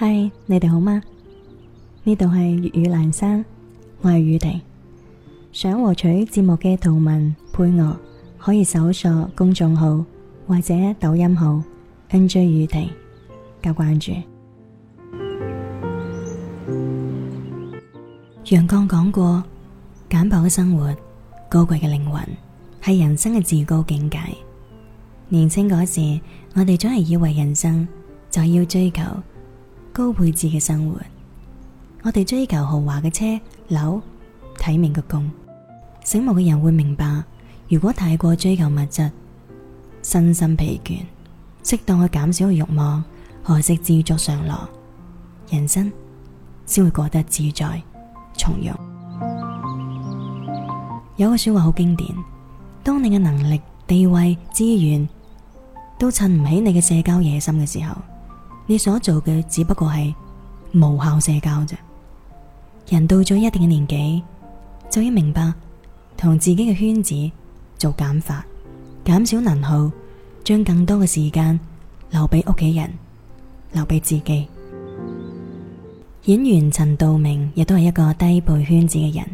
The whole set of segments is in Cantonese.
嗨，Hi，你哋好嗎？呢度係粵語闌珊，我係宇婷。想獲取節目嘅圖文配樂，可以搜索公眾號或者抖音號 NJ 宇婷加關注。楊絳講過：簡樸嘅生活，高貴嘅靈魂，係人生嘅至高境界。年輕嗰時，我哋總係以為人生就要追求。高配置嘅生活，我哋追求豪華嘅車、樓、體面嘅工，醒目嘅人會明白，如果太過追求物質，身心疲倦，適當去減少去慾望，何惜知足常樂？人生先會過得自在從容。有個說話好經典：當你嘅能力、地位、資源都襯唔起你嘅社交野心嘅時候。你所做嘅只不過係無效社交啫。人到咗一定嘅年紀，就要明白同自己嘅圈子做減法，減少能耗，將更多嘅時間留俾屋企人，留俾自己。演員陳道明亦都係一個低配圈子嘅人，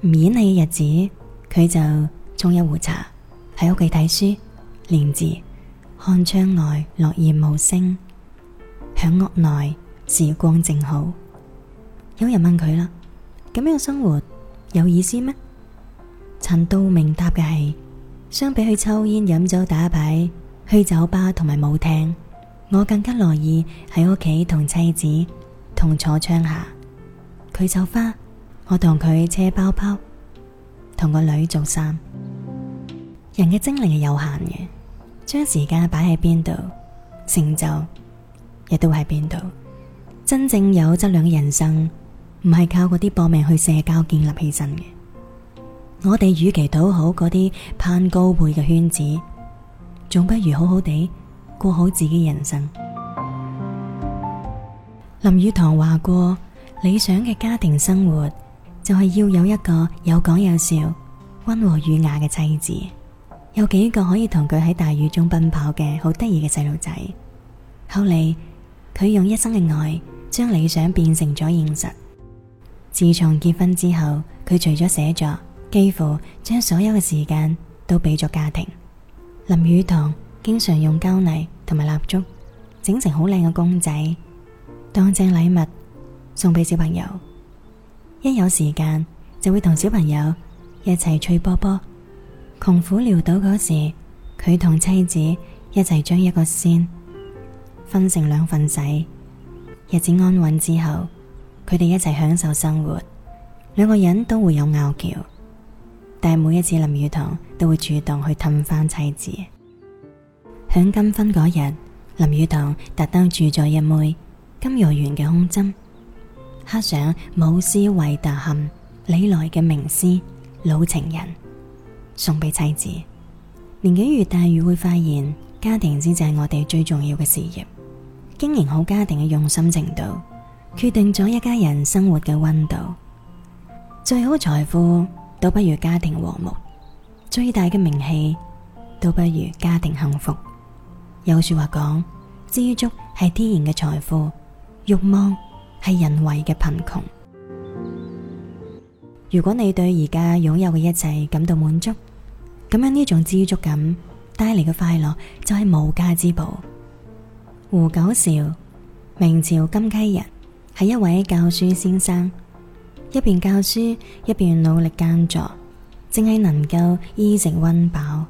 唔演戲嘅日子，佢就沖一壺茶喺屋企睇書、練字、看窗外落葉無聲。響屋內，時光正好。有人問佢啦：咁樣嘅生活有意思咩？陳道明答嘅係：相比去抽煙、飲酒、打牌、去酒吧同埋舞廳，我更加樂意喺屋企同妻子同坐窗下。佢繡花，我同佢車包包，同個女做衫。人嘅精力係有限嘅，將時間擺喺邊度，成就。亦都喺邊度？真正有質量嘅人生唔係靠嗰啲搏命去社交建立起身嘅。我哋與其討好嗰啲攀高配嘅圈子，仲不如好好地過好自己人生。 林語堂話過：理想嘅家庭生活就係要有一個有講有笑、溫和語雅嘅妻子，有幾個可以同佢喺大雨中奔跑嘅好得意嘅細路仔。後嚟。佢用一生嘅愛，將理想變成咗現實。自從結婚之後，佢除咗寫作，幾乎將所有嘅時間都俾咗家庭。林語堂經常用膠泥同埋蠟燭，整成好靚嘅公仔，當正禮物送俾小朋友。一有時間，就會同小朋友一齊吹波波。窮苦潦倒嗰時，佢同妻子一齊將一個先。分成兩份仔，日子安穩之後，佢哋一齊享受生活。兩個人都會有拗撬，但係每一次林語堂都會主動去氹翻妻子。響金婚嗰日，林語堂特登住咗一枚金玉緣嘅胸針，刻上陷“舞思為大憾，李來嘅名師老情人”，送俾妻子。年紀越大，越會發現家庭先至係我哋最重要嘅事業。經營好家庭嘅用心程度，決定咗一家人生活嘅温度。最好財富都不如家庭和睦，最大嘅名氣都不如家庭幸福。有話說話講，知足係天然嘅財富，欲望係人為嘅貧窮。如果你對而家擁有嘅一切感到滿足，咁樣呢種知足感帶嚟嘅快樂就係無價之寶。胡九韶，明朝金溪人，係一位教書先生，一邊教書一邊努力耕作，淨係能夠衣食溫飽。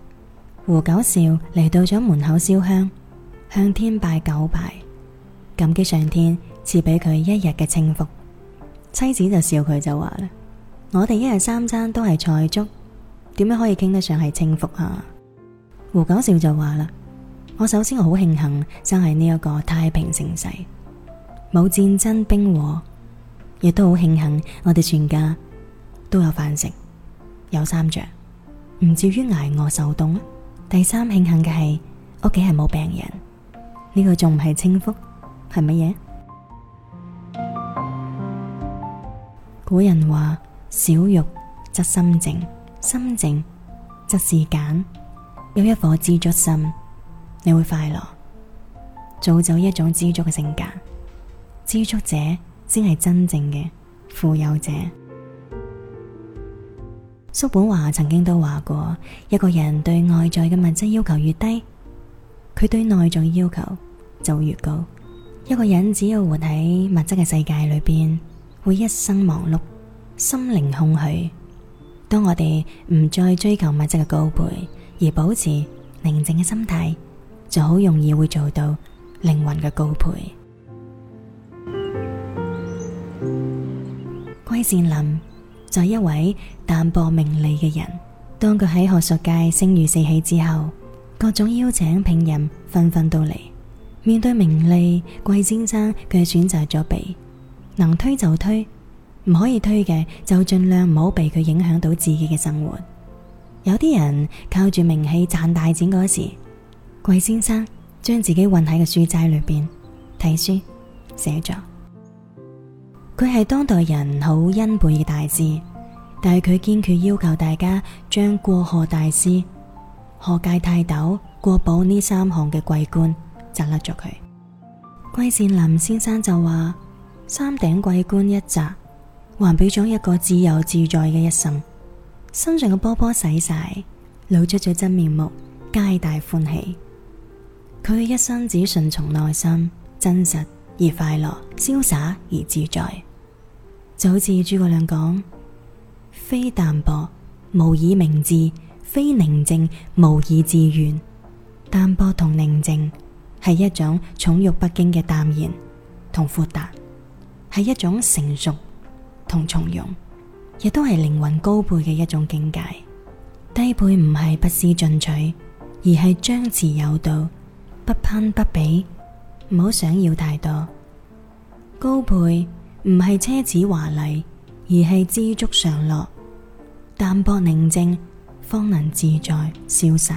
胡九韶嚟到咗門口燒香，向天拜九拜，感激上天賜俾佢一日嘅清福。妻子就笑佢就話啦：我哋一日三餐都係菜粥，點樣可以傾得上係清福啊？胡九韶就話啦。我首先我好慶幸生喺呢一個太平盛世，冇戰爭兵禍，亦都好慶幸我哋全家都有飯食，有衫着，唔至於捱餓受凍。第三慶幸嘅係屋企係冇病人，呢個仲唔係清福？係乜嘢？古人話：少欲則心靜，心靜則事簡，有一顆知足心。你會快樂，造就一種知足嘅性格。知足者先係真正嘅富有者。叔本華曾經都話過：一個人對外在嘅物質要求越低，佢對內在嘅要求就越高。一個人只要活喺物質嘅世界裏邊，會一生忙碌，心靈空虛。當我哋唔再追求物質嘅高配，而保持寧靜嘅心態。就好容易會做到靈魂嘅高配。季羨林就是一位淡泊名利嘅人。當佢喺學術界聲譽四起之後，各種邀請聘任紛紛到嚟。面對名利，季先生佢係選擇咗避，能推就推，唔可以推嘅就盡量唔好被佢影響到自己嘅生活。有啲人靠住名氣賺大錢嗰時。桂先生將自己困喺個書齋裏邊睇書寫作，佢係當代人好欽佩嘅大師，但係佢堅決要求大家將國學大師、學界泰斗、國寶呢三項嘅桂冠摘甩咗佢。季羨林先生就話：三頂桂冠一摘，還俾咗一個自由自在嘅一生，身上嘅波波洗晒，露出咗真面目，皆大歡喜。佢一生只順從內心，真實而快樂，瀟灑而自在，就好似諸葛亮講：非淡泊無以明志，非寧靜無以致遠。淡泊同寧靜係一種寵辱不驚嘅淡然同豁達，係一種成熟同從容，亦都係靈魂高配嘅一種境界。低配唔係不思進取，而係張弛有度。不攀不比，唔好想要太多。高配唔係奢侈華麗，而係知足常樂。淡泊寧靜，方能自在瀟灑。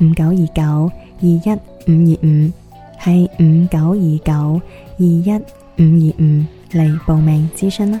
五九二九二一五二五，係五九二九二一五二五嚟報名諮詢啦。